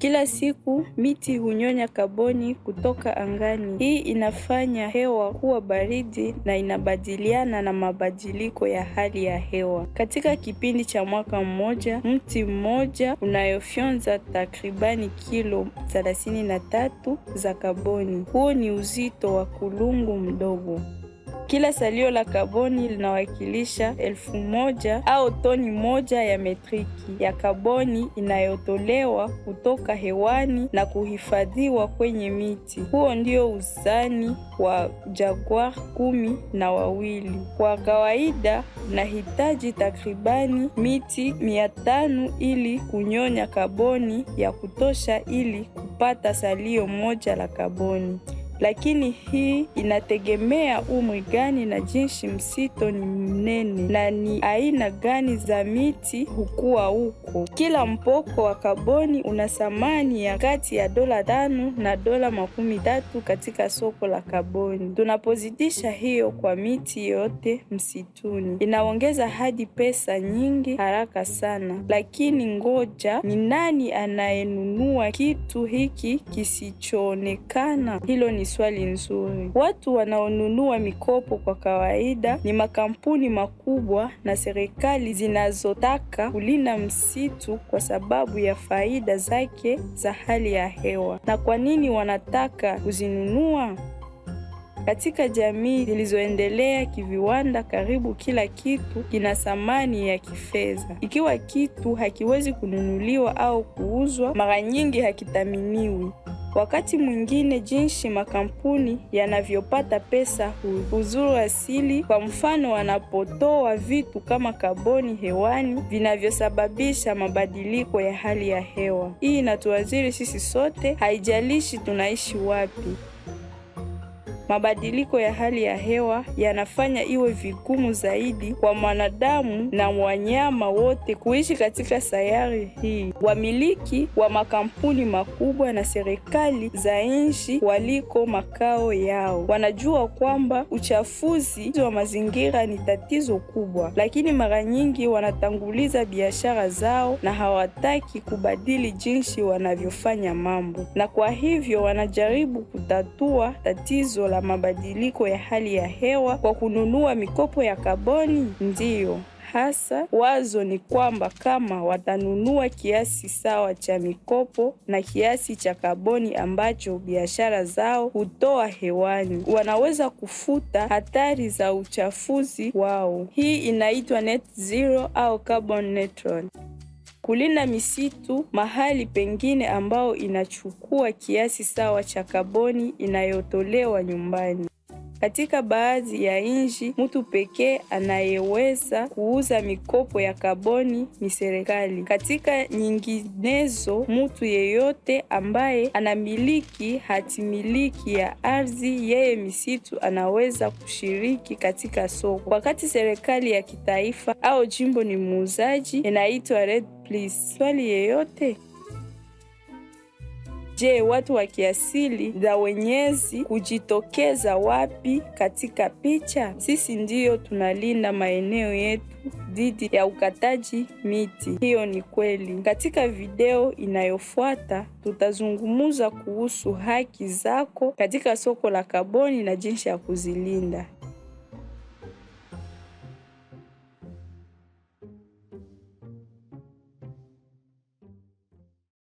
Kila siku miti hunyonya kaboni kutoka angani. Hii inafanya hewa kuwa baridi na inabadiliana na mabadiliko ya hali ya hewa. Katika kipindi cha mwaka mmoja, mti mmoja unayofyonza takribani kilo 33 za kaboni. Huo ni uzito wa kulungu mdogo. Kila salio la kaboni linawakilisha elfu moja au toni moja ya metriki ya kaboni inayotolewa kutoka hewani na kuhifadhiwa kwenye miti. Huo ndio uzani wa jaguar kumi na wawili. Kwa kawaida unahitaji takribani miti mia tano ili kunyonya kaboni ya kutosha ili kupata salio moja la kaboni lakini hii inategemea umri gani na jinsi msito ni mnene na ni aina gani za miti hukua huko. Kila mpoko wa kaboni una thamani ya kati ya dola tano na dola makumi tatu katika soko la kaboni. Tunapozidisha hiyo kwa miti yote msituni, inaongeza hadi pesa nyingi haraka sana. Lakini ngoja, ni nani anayenunua kitu hiki kisichoonekana? Hilo ni swali nzuri. Watu wanaonunua mikopo kwa kawaida ni makampuni makubwa na serikali zinazotaka kulinda msitu kwa sababu ya faida zake za hali ya hewa. Na kwa nini wanataka kuzinunua? Katika jamii zilizoendelea kiviwanda, karibu kila kitu kina thamani ya kifedha. Ikiwa kitu hakiwezi kununuliwa au kuuzwa, mara nyingi hakithaminiwi. Wakati mwingine jinsi makampuni yanavyopata pesa huzuru asili, kwa mfano wanapotoa vitu kama kaboni hewani vinavyosababisha mabadiliko ya hali ya hewa. Hii inatuathiri sisi sote, haijalishi tunaishi wapi. Mabadiliko ya hali ya hewa yanafanya iwe vigumu zaidi kwa mwanadamu na wanyama wote kuishi katika sayari hii. Wamiliki wa makampuni makubwa na serikali za nchi waliko makao yao wanajua kwamba uchafuzi wa mazingira ni tatizo kubwa, lakini mara nyingi wanatanguliza biashara zao na hawataki kubadili jinsi wanavyofanya mambo, na kwa hivyo wanajaribu kutatua tatizo la mabadiliko ya hali ya hewa kwa kununua mikopo ya kaboni? Ndiyo. Hasa wazo ni kwamba kama watanunua kiasi sawa cha mikopo na kiasi cha kaboni ambacho biashara zao hutoa hewani, wanaweza kufuta hatari za uchafuzi wao. Hii inaitwa net zero au carbon neutral kulinda misitu mahali pengine ambao inachukua kiasi sawa cha kaboni inayotolewa nyumbani. Katika baadhi ya nchi, mtu pekee anayeweza kuuza mikopo ya kaboni ni serikali. Katika nyinginezo, mtu yeyote ambaye anamiliki hatimiliki ya ardhi yeye misitu anaweza kushiriki katika soko. Wakati serikali ya kitaifa au jimbo ni muuzaji, inaitwa Red Swali yeyote Je, watu wa kiasili za wenyezi kujitokeza wapi katika picha? Sisi ndiyo tunalinda maeneo yetu dhidi ya ukataji miti. Hiyo ni kweli. Katika video inayofuata tutazungumza kuhusu haki zako katika soko la kaboni na jinsi ya kuzilinda.